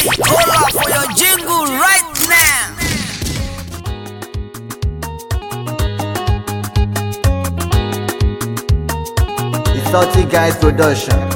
hold up for your jingle right now. It's Salty Guys Production.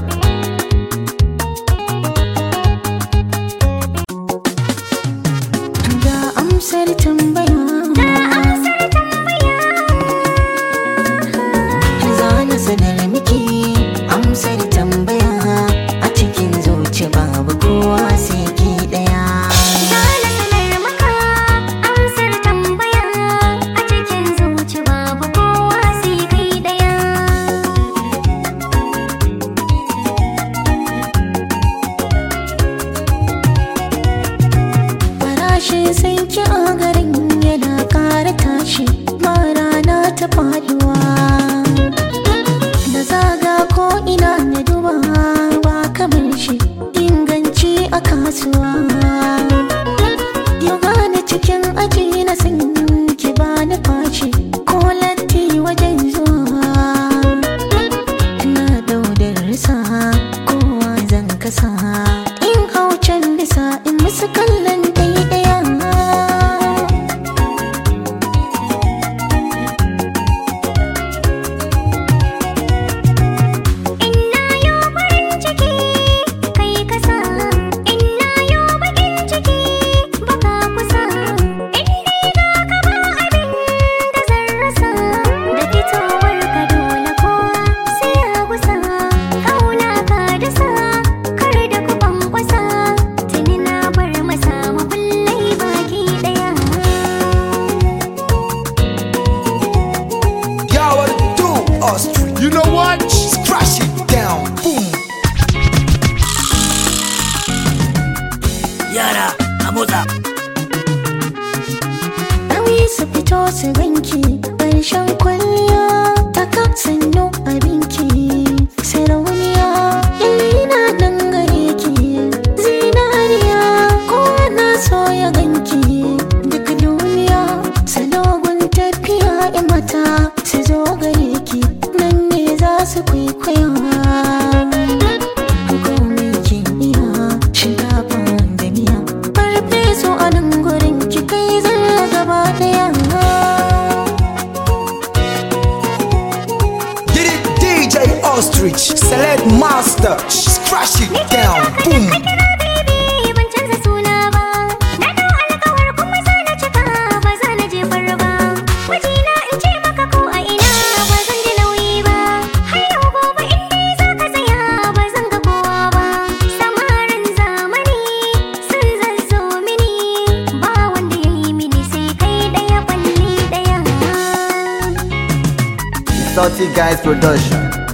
Salty Guys Production.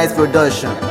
Guys Production.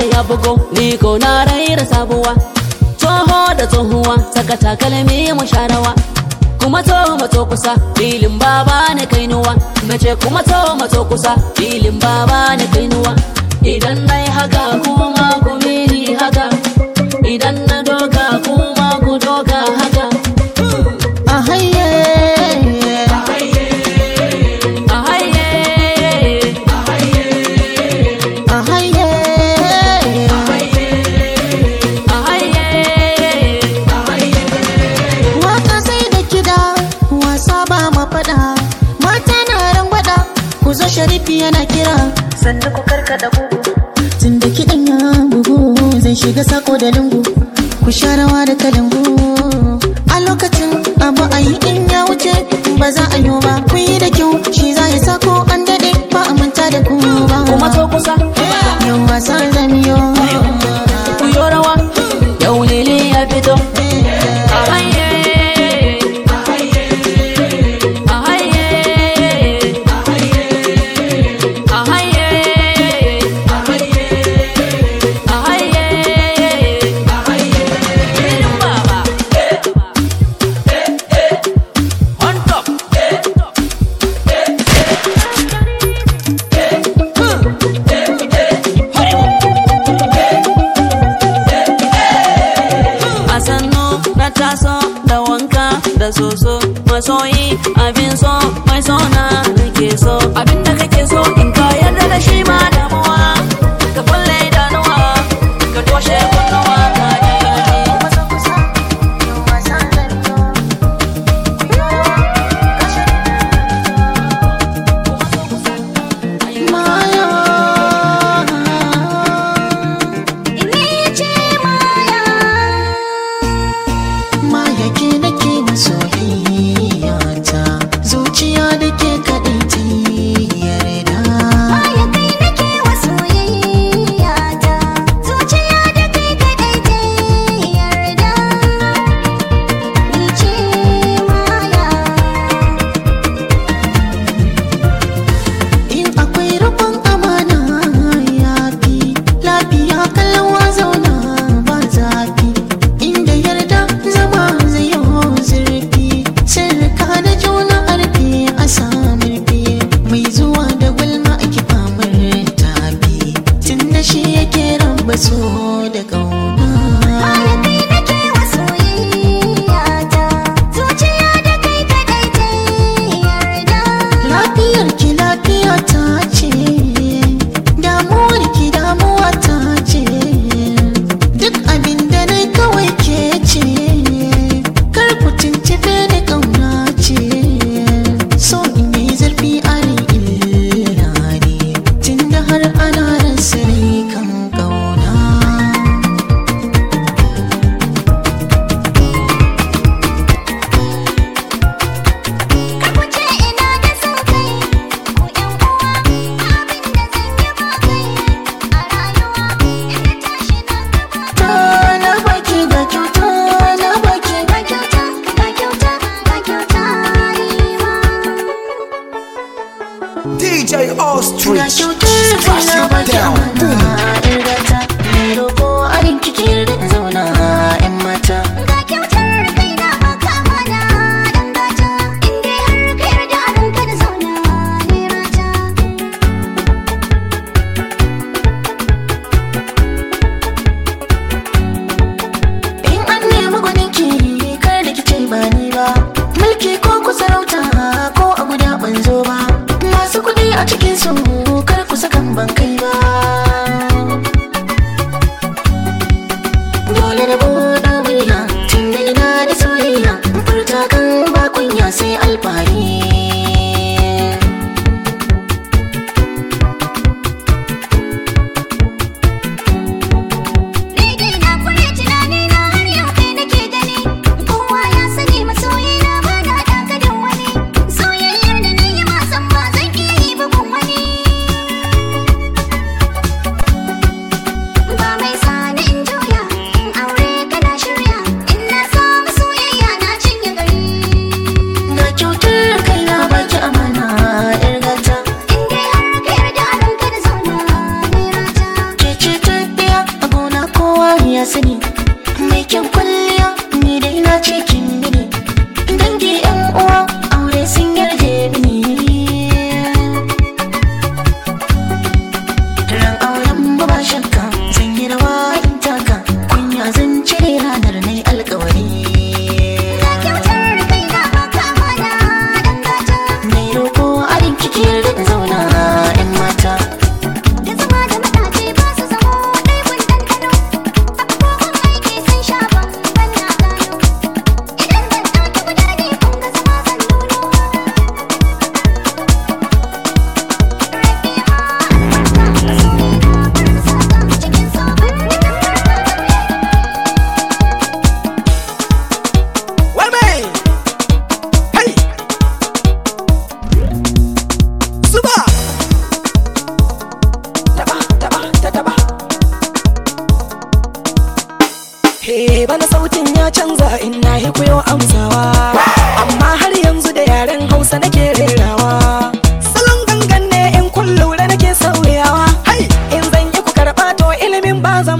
da ya bugo ni ko na raira sabuwa toho da tsohuwa saka takalmi mu sharawa kuma to mato kusa filin baba ne kainuwa mace kuma to mato kusa filin baba ne kainuwa idan nai haka kuma ku mini haka idan na doka kuma ku doga yana kira sannu ku karkada gugu tunda kiɗan ya bugu zai shiga sako da lungu ku sha rawa da kalangu a lokacin abu a yi in ya wuce ba za a yi ba ku yi da kyau shi za ya sako an daɗe ba a manta da ku ba kuma to kusa yau wasan zamiyo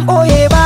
oh yeah,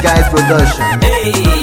Guys Production. Hey.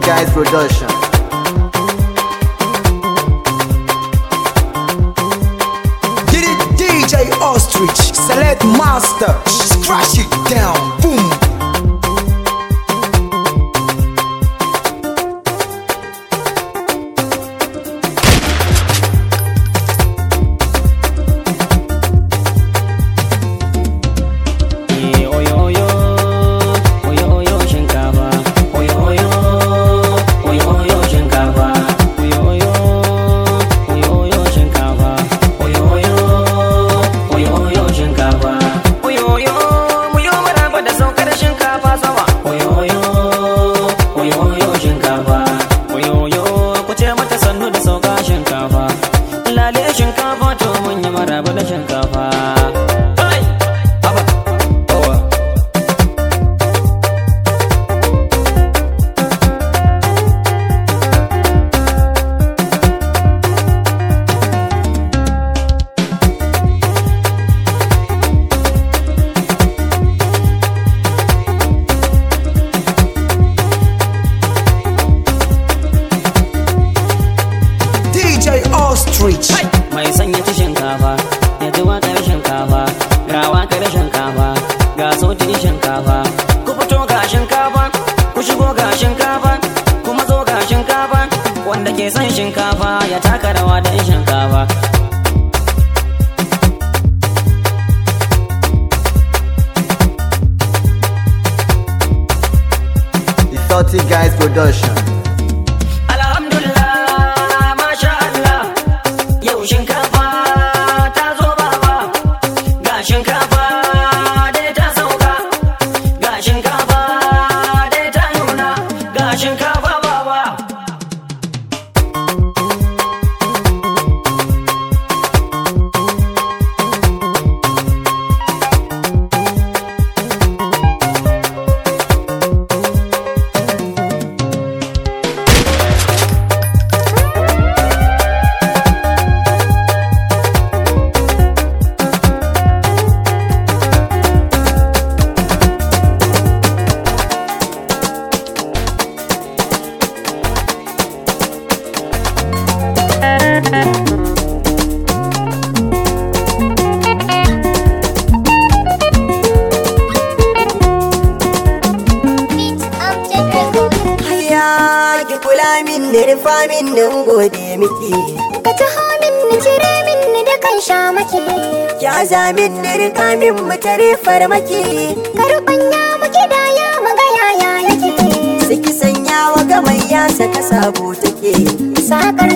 Crazy Guys Production. DJ Ostrich, Select Master.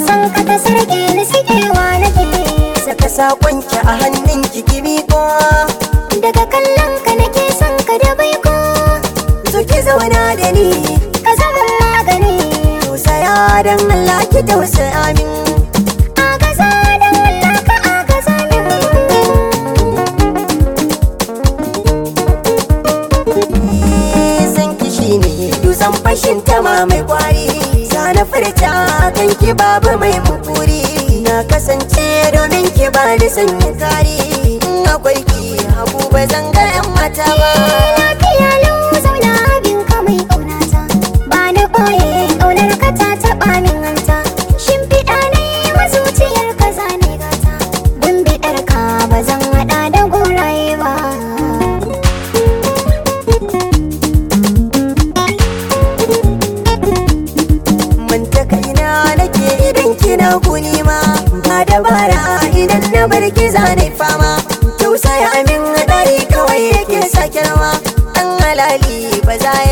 san ka ta sarge ni sigewa na kike saka sakon a hannun ki kibi ko daga kallon ka nake san ka da bai ko zo ki zauna da ni ka zama magani tausaya dan Allah ki tausaya min Zan fashin ta ma mai kwari, sana furta akan ki babu mai mukuri na kasance domin ki bani sanyin kari in akwai ki hagu ba zan 'yan mata ba was I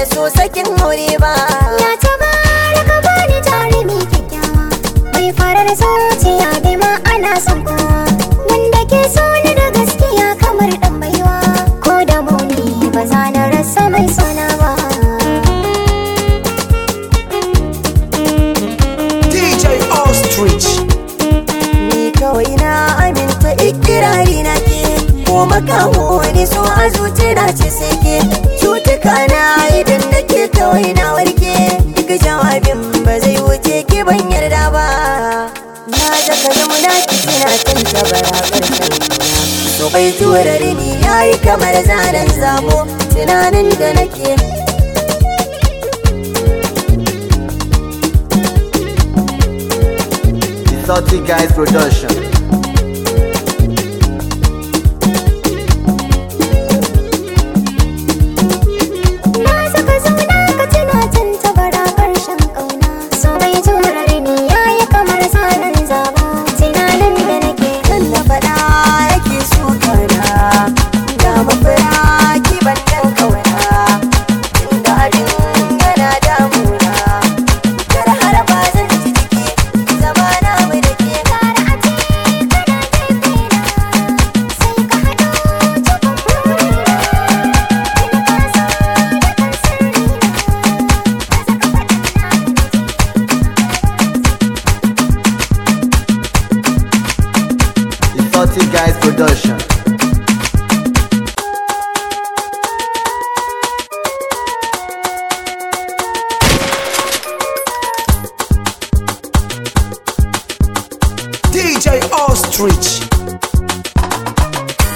bai tura rini yayi kamar zanen zamo tunanin da nake Salty Guys Production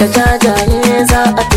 da jajaye za a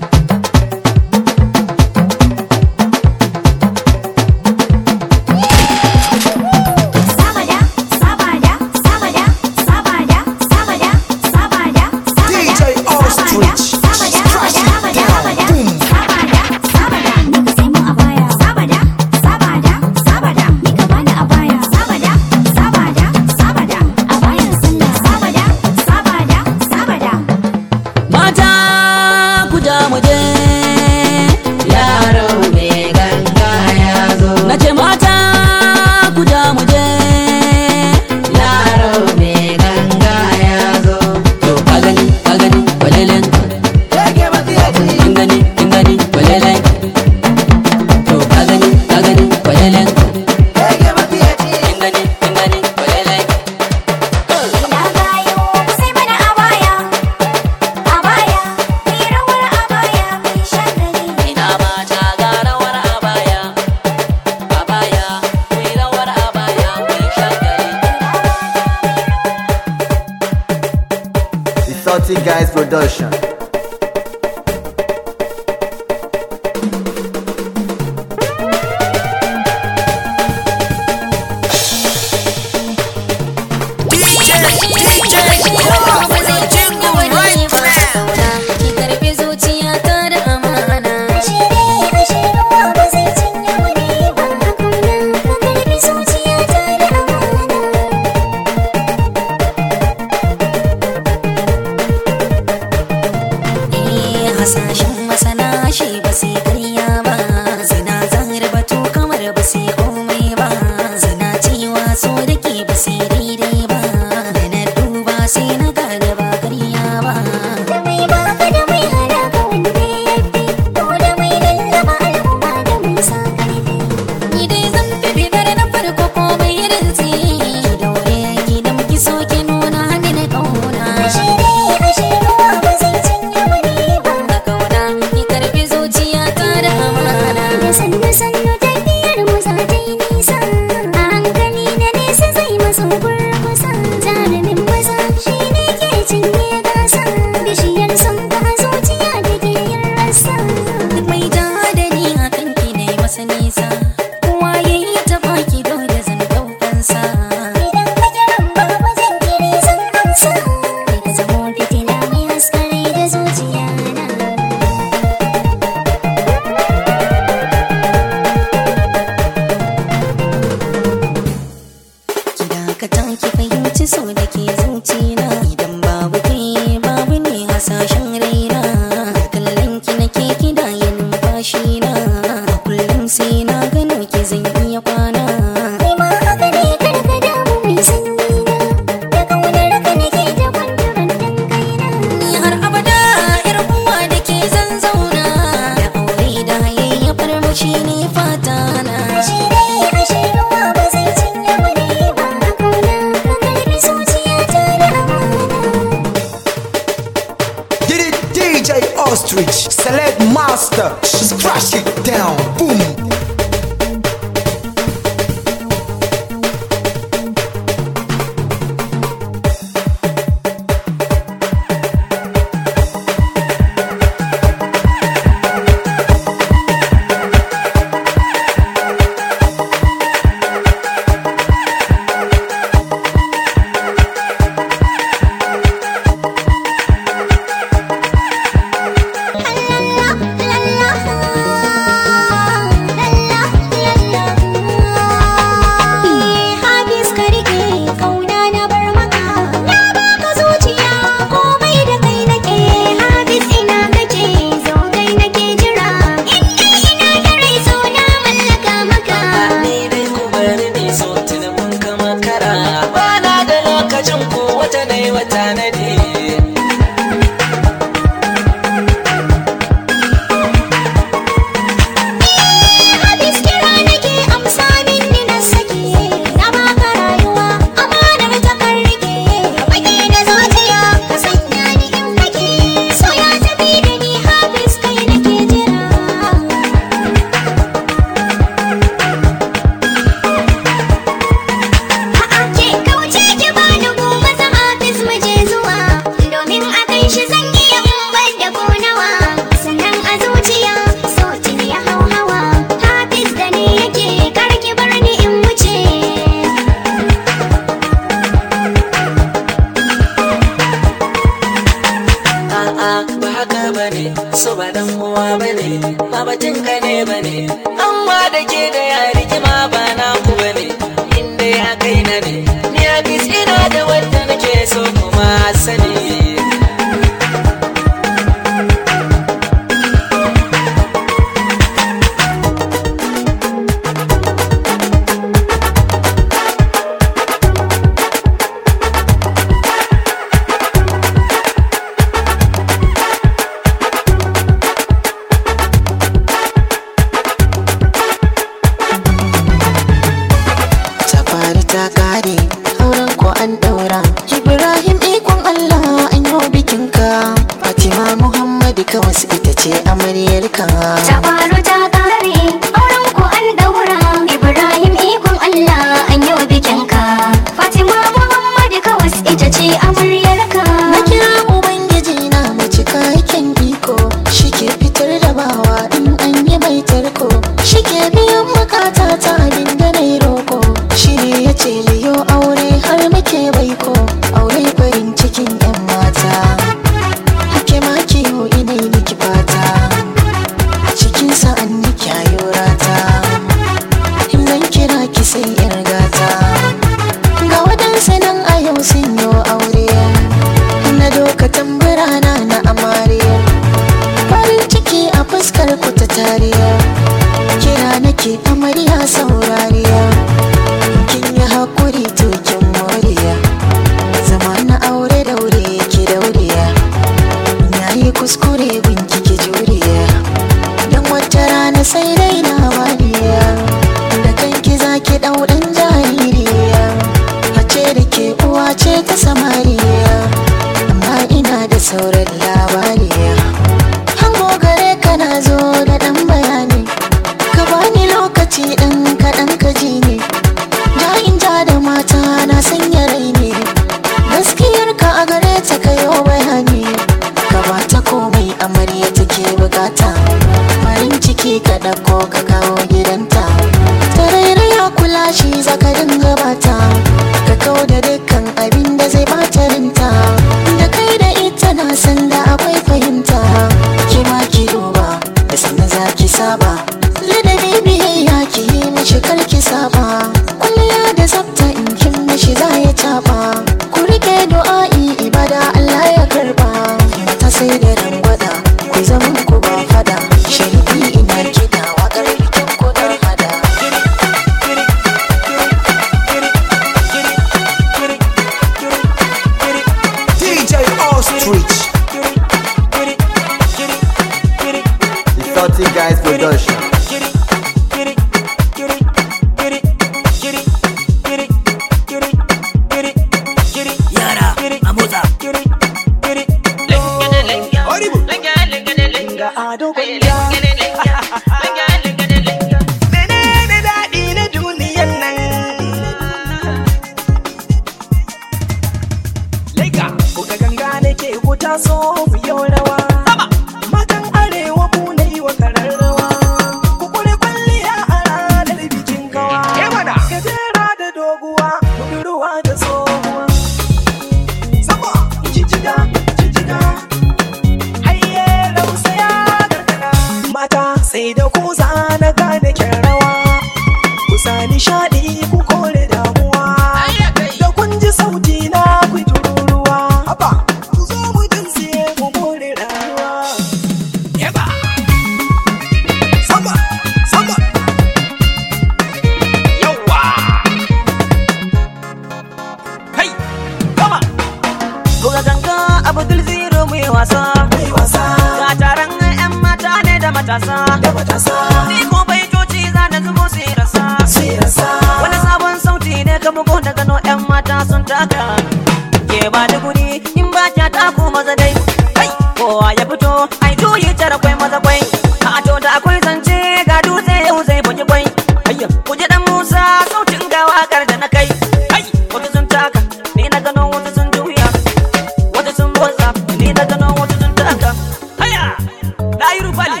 Nairu Bali.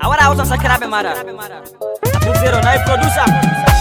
Awara Hausa Sakarabe Mara. Muzero Nai né? producer.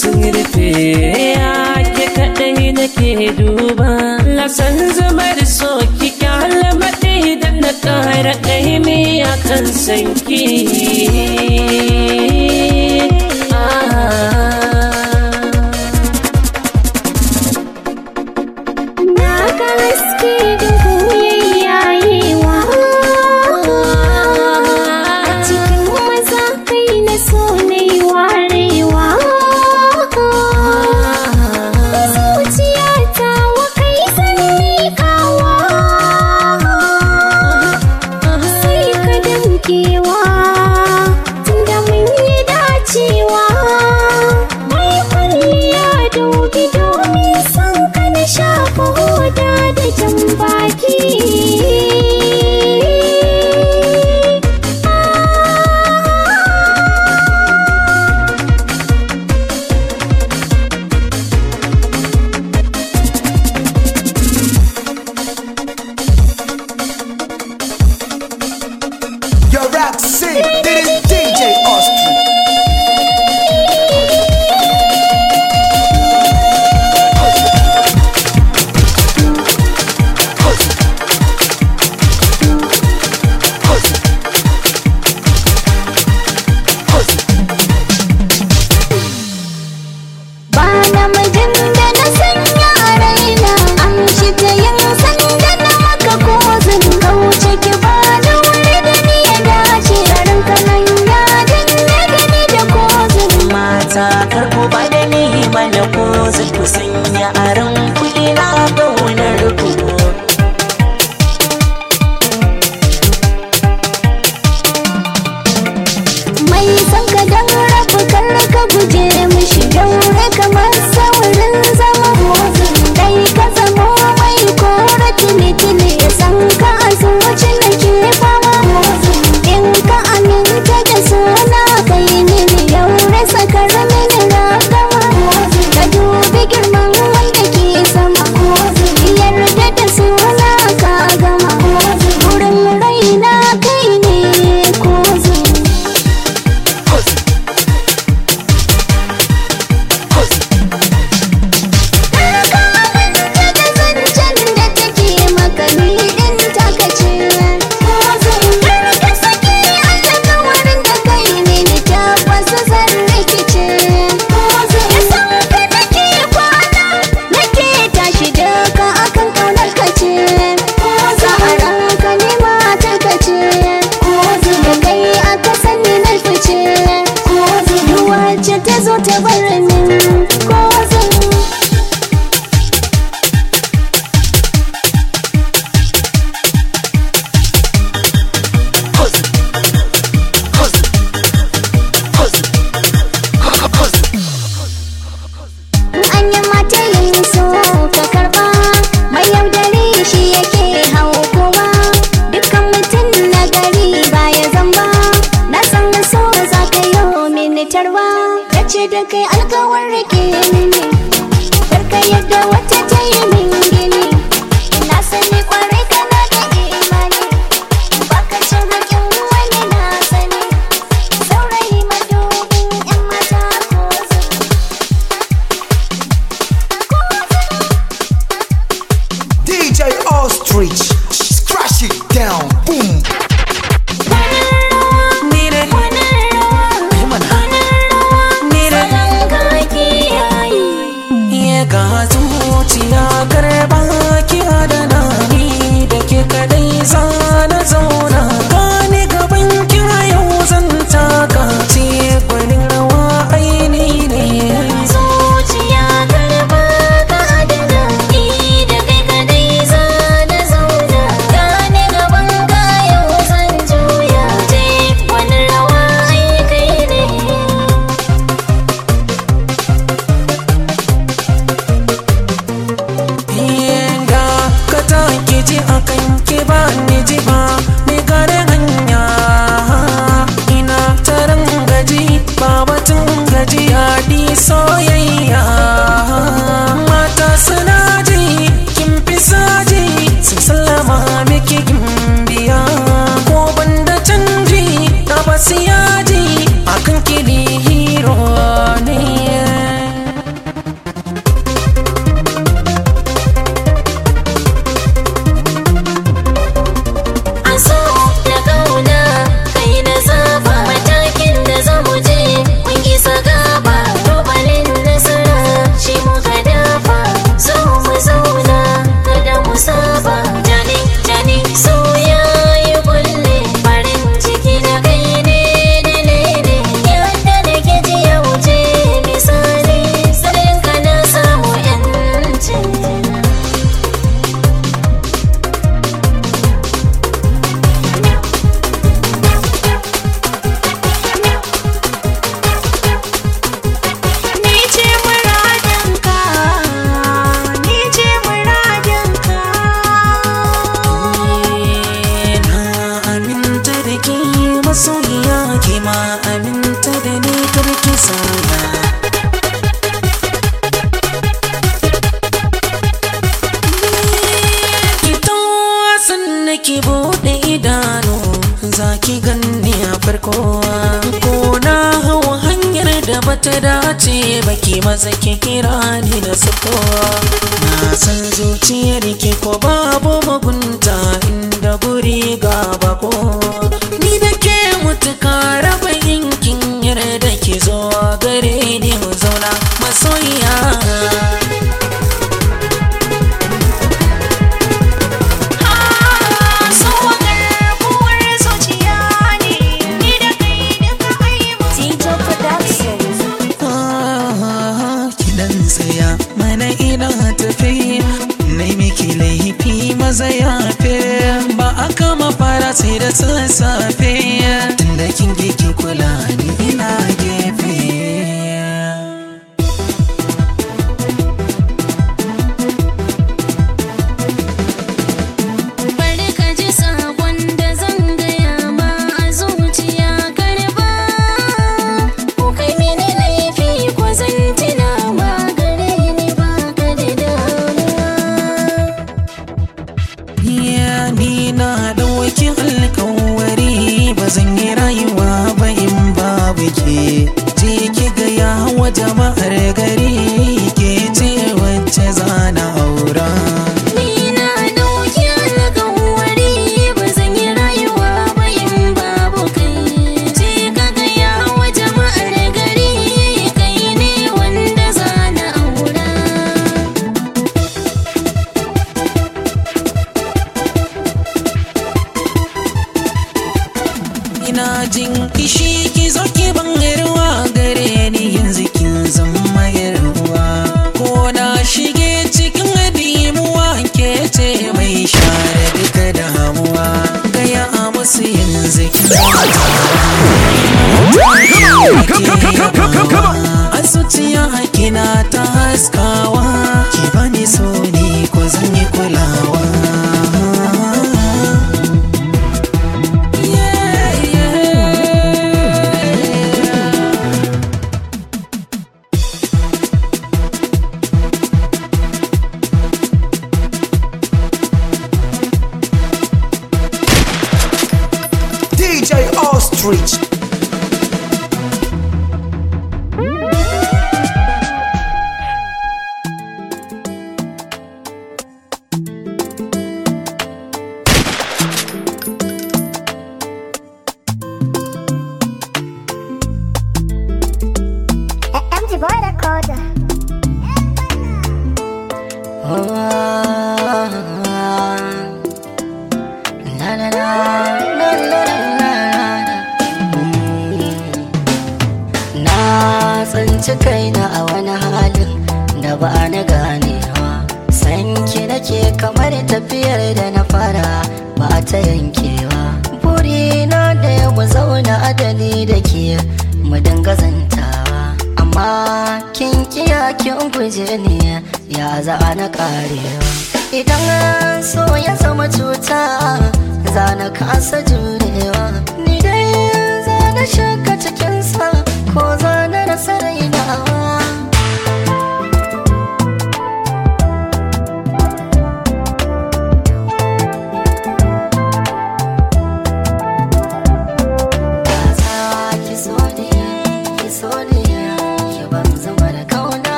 sun rufe ya ke kaɗai nake duba lasan zamar so kika halama da na ƙara ɗaya a kan sanki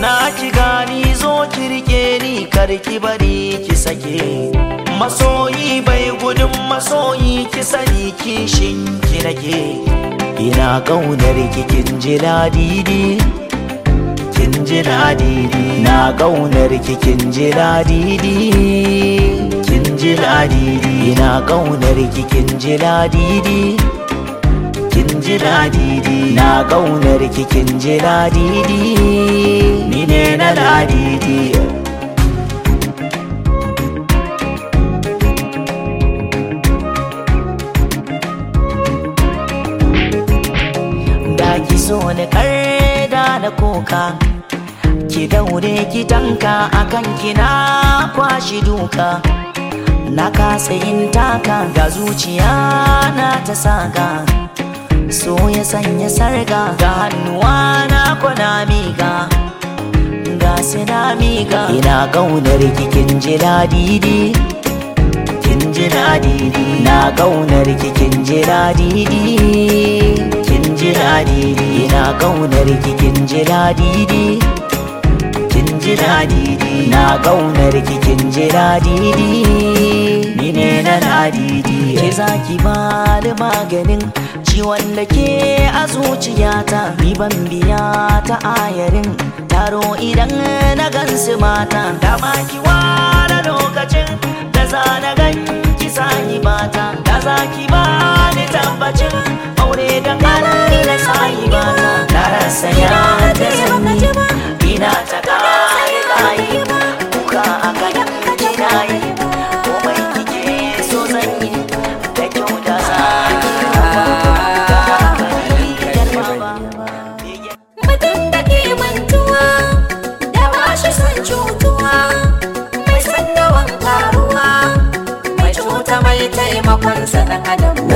na ki gani zo kirke ni kar ki bari ki sake masoyi bai gudun masoyi ki sani kishin ki nake ina kaunar kin ji ladidi kin ji ladidi na kaunar kin ji ladidi kin ji ladidi ina kaunar kin ji ladidi kin ji ladidi na kaunar kikin ji ladidi ne na ladidi da ki so ni ƙarda na koka ki daure ki tanka akan kina kwashi duka na kasa yin taka ga zuciya na ta saka so ya sanya sarga ga hannuwa na kwana miga ga suna miƙa ina ƙaunar kikin ji didi kin ji didi na ƙaunar kikin ji didi kin ji didi ina ƙaunar kikin ji didi kin ji didi na ƙaunar kikin ji didi na nadidi ke za ki bani maganin ciwon da ke a zuciyata riban biya ta ayarin taro idan na gansu mata Da ki ware lokacin da za na gan ki sahi mata da za ki bani tabbacin aure da kanar da sahi mata na rasa ya da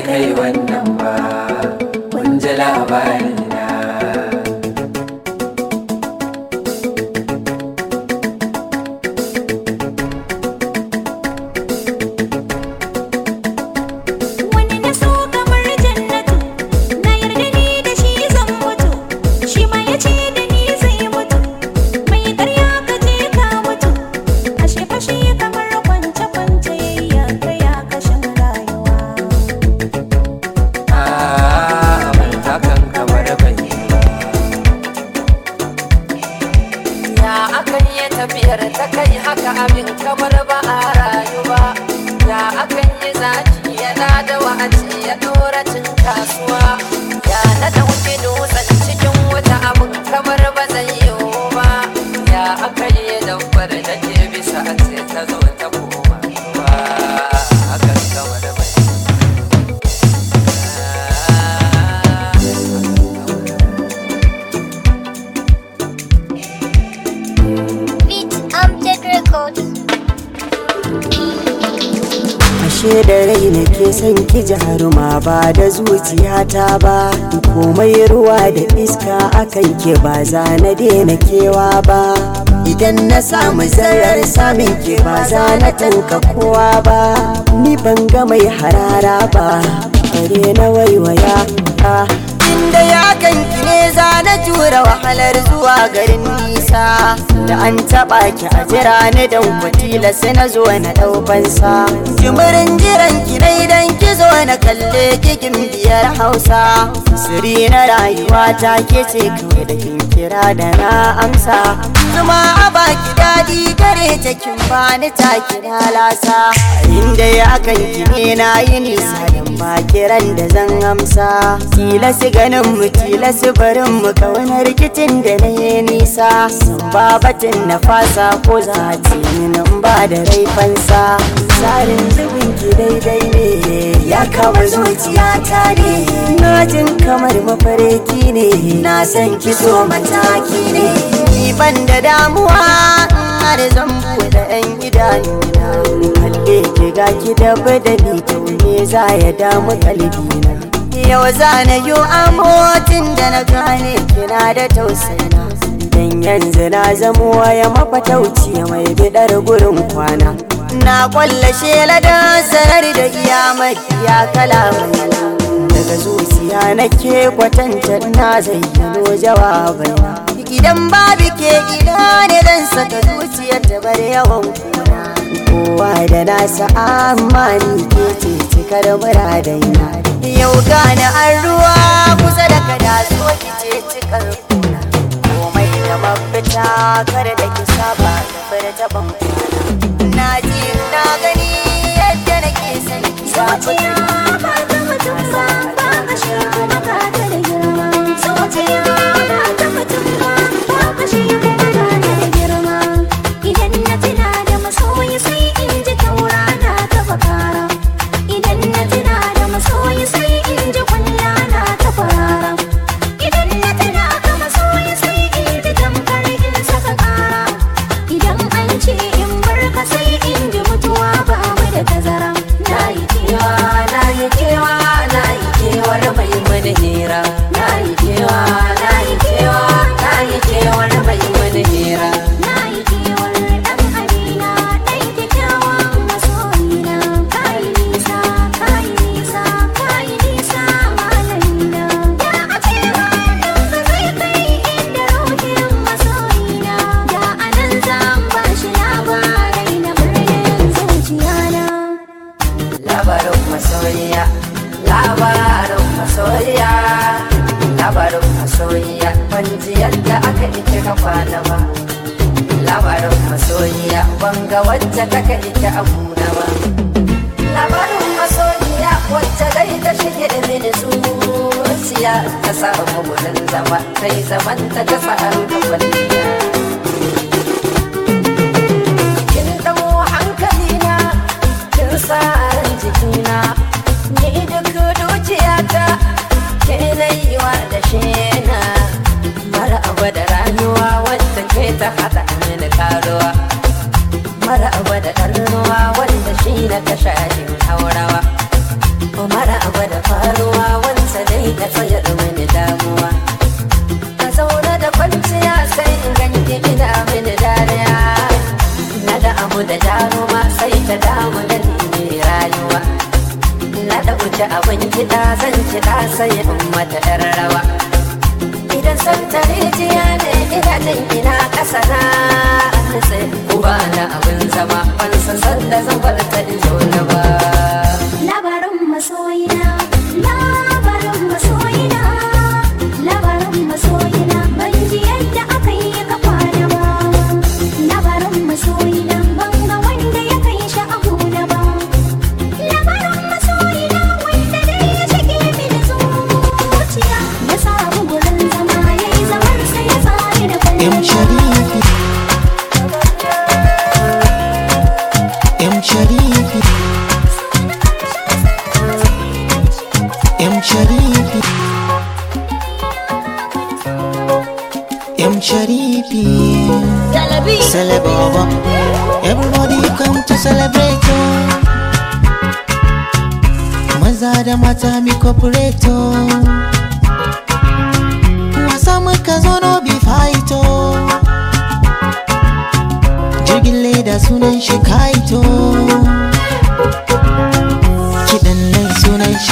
me away. ki jaruma ba da zuciyata ba komai ruwa da iska akan ke ba za na daina kewa ba idan na samu zayar samin ke ba za na tanka kowa ba ni ban ga mai harara ba bare na waiwaya inda ya kanki ne za na jura wahalar zuwa garin nisa da an taɓa ki a jira ni don kwatila sai na zo na ɗaukansa jimirin jiran ki dai dan ki zo na kalle ki biyar hausa siri na rayuwa ta ke ce kawai da kin kira da na amsa zuma a baki dadi kare ta kin bani ta kira lasa inda ya kan ki ne na yi nisa ba kiran da zan amsa Tilasi su ganin mu kila su barin mu rikicin da na yi nisa ba batin na fasa ko za ni nan ba da raifansa tsarin zubin ki daidai ne ya kama zuciya ta ne na jin kamar mafarki ne na san ki so mataki ne ban da damuwa da zan da 'yan idanu kalle ki ga ki da badali to me za ya damu kalbi na yau za na yi amotin da na gane kina da tausayina dan yanzu na zamo ya mafatauci mai bidar gurin kwana na kwalla shela da sanar da iya mafiya kalamai daga zuciya ke kwatanta na zayyano jawabai idan babu ke gida ne zan saka zuciyar ta bar yawan ku kowa da nasa amani ke ce cika da ina yau gane an ruwa kusa da kada so ki ce cikar kuna komai da mafita kar da ki saba da furta na ji na gani yadda nake sani zuciya ba ta mutum ba ba ka shi ba ta da girma zuciya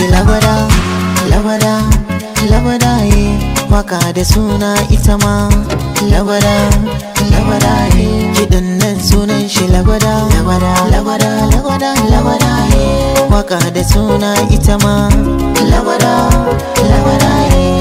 ce labada labada labada ye eh, waka da suna ita ma labada labada ye eh, kidan nan sunan shi labada labada labada labada labada ye eh, waka da suna ita ma labada labada ye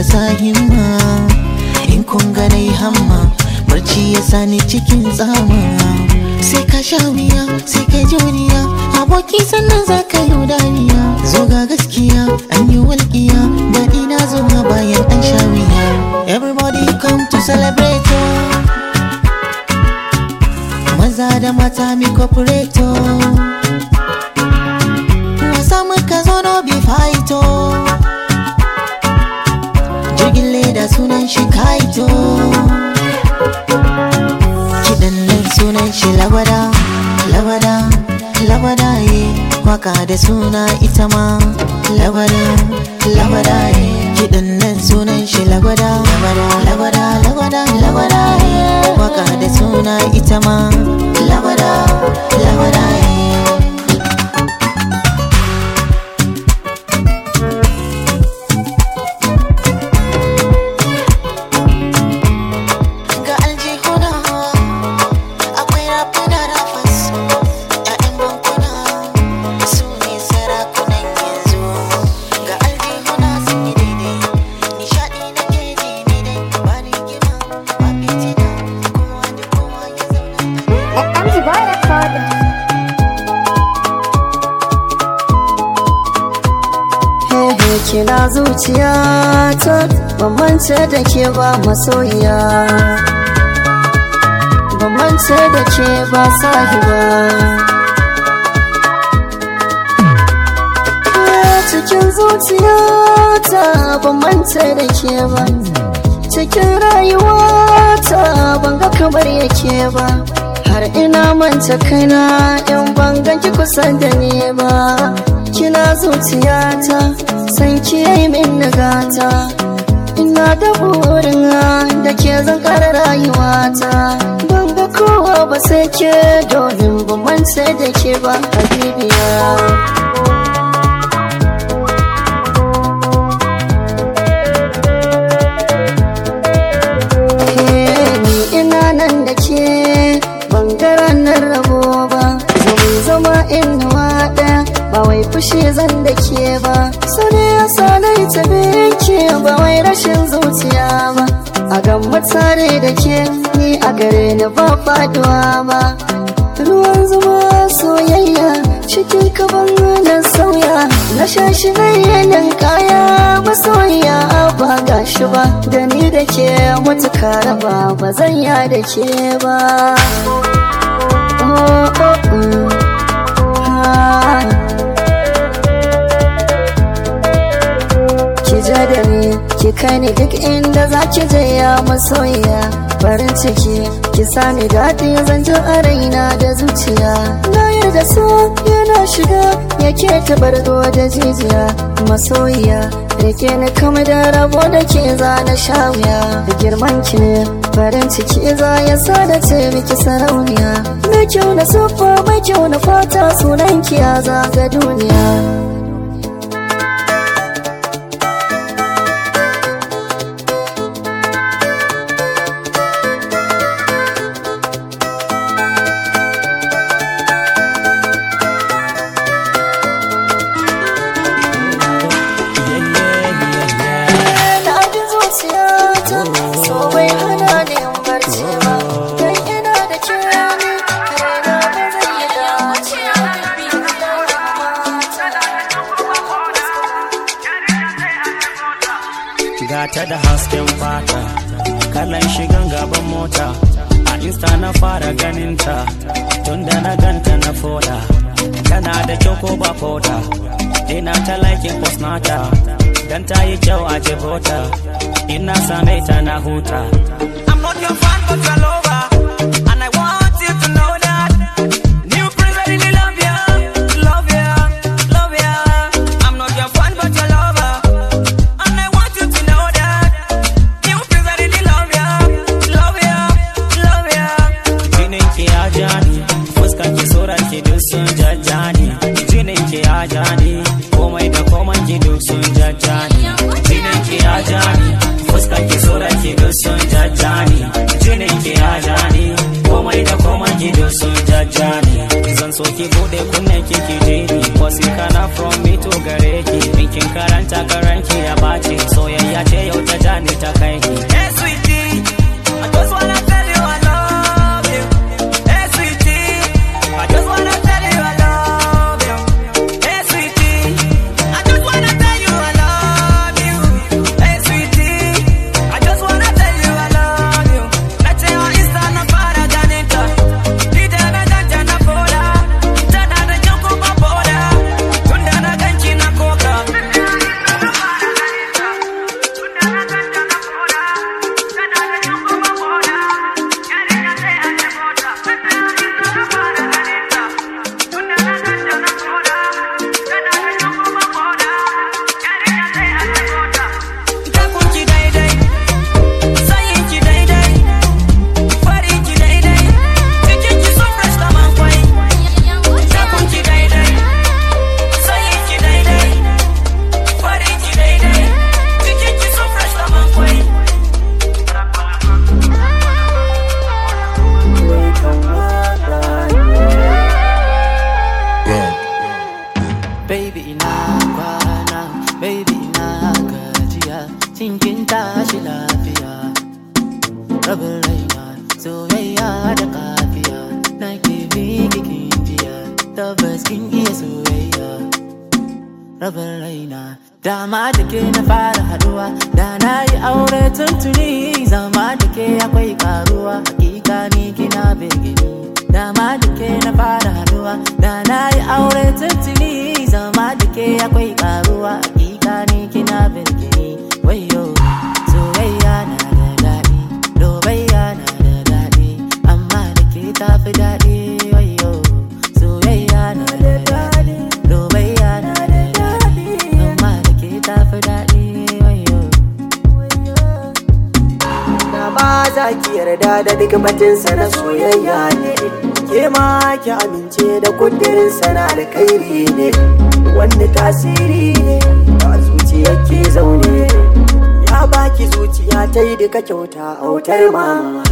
ka sa himma in kun ga nayi hamma barci ya sani cikin tsama sai ka sha wuya sai ka juriya aboki sannan za ka yi udariya zo ga gaskiya an yi walƙiya daɗi na zo ma bayan an sha wuya everybody come to celebrate maza da mata mi corporator da sunan shi kaito kiɗan nan sunan shi labada Labada lagwada ye waka da suna ita ma labada lagwada ye kiɗan nan sunan shi labada Labada labada lagwada ye waka da suna ita ma labada. zuciya ta bambance da ke ba masoyiya bambance da ke ba sahiba cikin zuciya ta bambance da ke ba cikin rayuwa ta banga kamar yake ba har ina manta kaina in bangan ki kusa da ni ba kina ta san ki yi min nagata ina da burin da ke zan kara rayuwata ban ga kowa ba sai ke domin ba man sai da ke ba habibiya fushi zan da ke ba misalai ta ke ba wai rashin zuciya ba a gan matsare da ke ni a gare ni ba faduwa ba ruwan zuma soyayya cikin kaban nan sauya na sha shi na yanin kaya masoyiya ba ga shi ba da ni da ke mutuka ba zan ya da ke ba oh, oh, mm. kai duk inda za ki je ya masoyiya farin ciki ki sani daɗi zan ji a raina da zuciya na yarda so yana shiga yake tabargo da jijiya masoyiya ke ni kama da rabo da ke za na sha da girman ki farin ciki za ya sa da ce miki sarauniya mai kyau na siffa mai kyau na fata sunan ki ya zaga duniya ka kyauta autar mama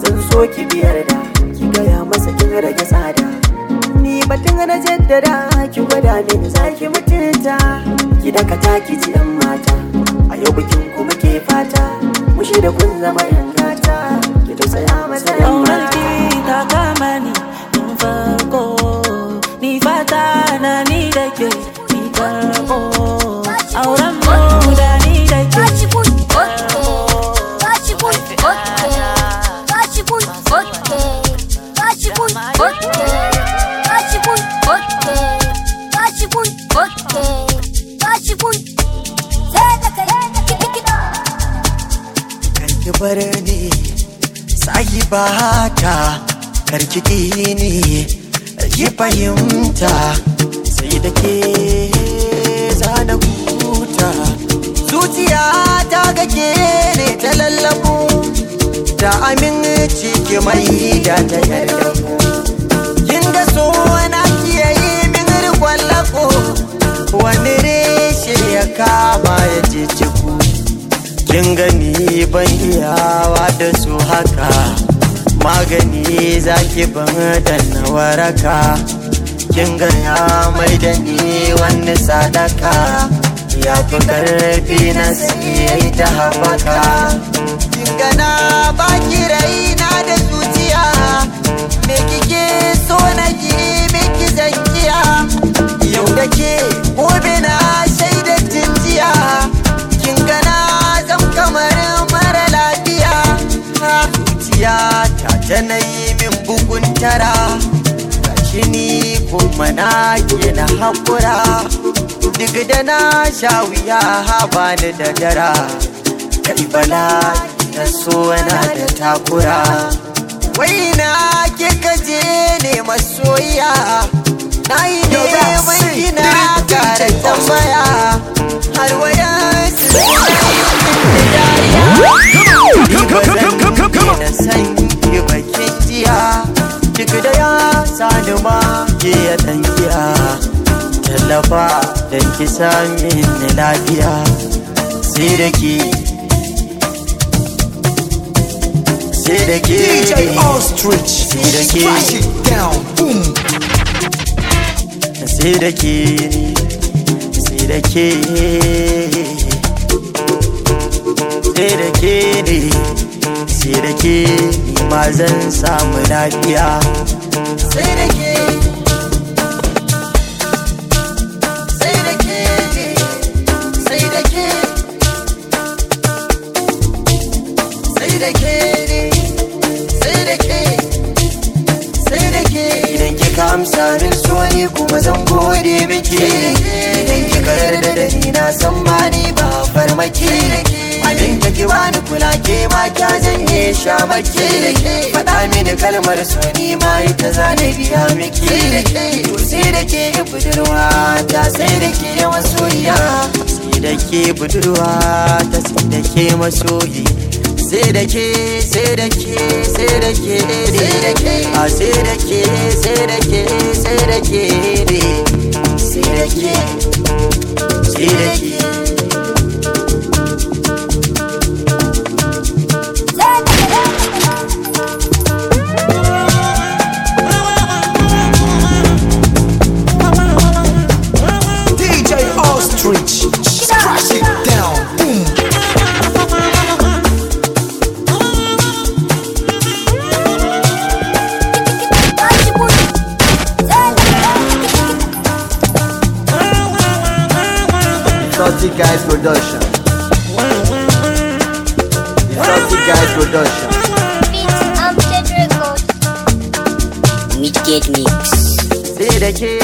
zan so ki biyar da ki gaya masa kin rage tsada ni batun na jaddada ki gwada min za ki mutunta ki dakata ki ji ki dan na waraka ya mai da ni wani sadaka ya fi karfi na siyai ta haɓaka kinga na baki raina da zuciya me kike so na ki miki zankiya yau da ke gobe na shaida jinjiya Kin na zan kamar mara lafiya ha ta ta tara gashi ni kuma na na haƙura duk da na sha wuya haba ni da dara kai bala na so na da takura wai na ke kaje ne masoyiya na yi neman gina kare tambaya har wayansu suna yin da dariya ni yi bakin jiya ciki da ya sani ma ke ya ɗankiya tallafa don ki sami ni lafiya sai da ki sai da ki sai da ki smash sai da ki sai da ki sai da ki sai da ke ma zan samu lafiya sai da ke sai da ke sai da ke sai da ke sai da ke sai da ke idan kika amsa min so ne kuma zan gode miki idan ka da na san ma ni ba farmaki da ki bani kula ke kya janye faɗa mini kalmar su ni ma ita za na biya miki to sai da ke budurwa ta sai da ke masoyiya sai da ke budurwa ta sai da ke masoyi sai da ke sai da ke sai da ke sai da ke sai da ke sai da ke sai da ke Stay the the key. Production. The Salty Guy Production. Beats of Mix. Say the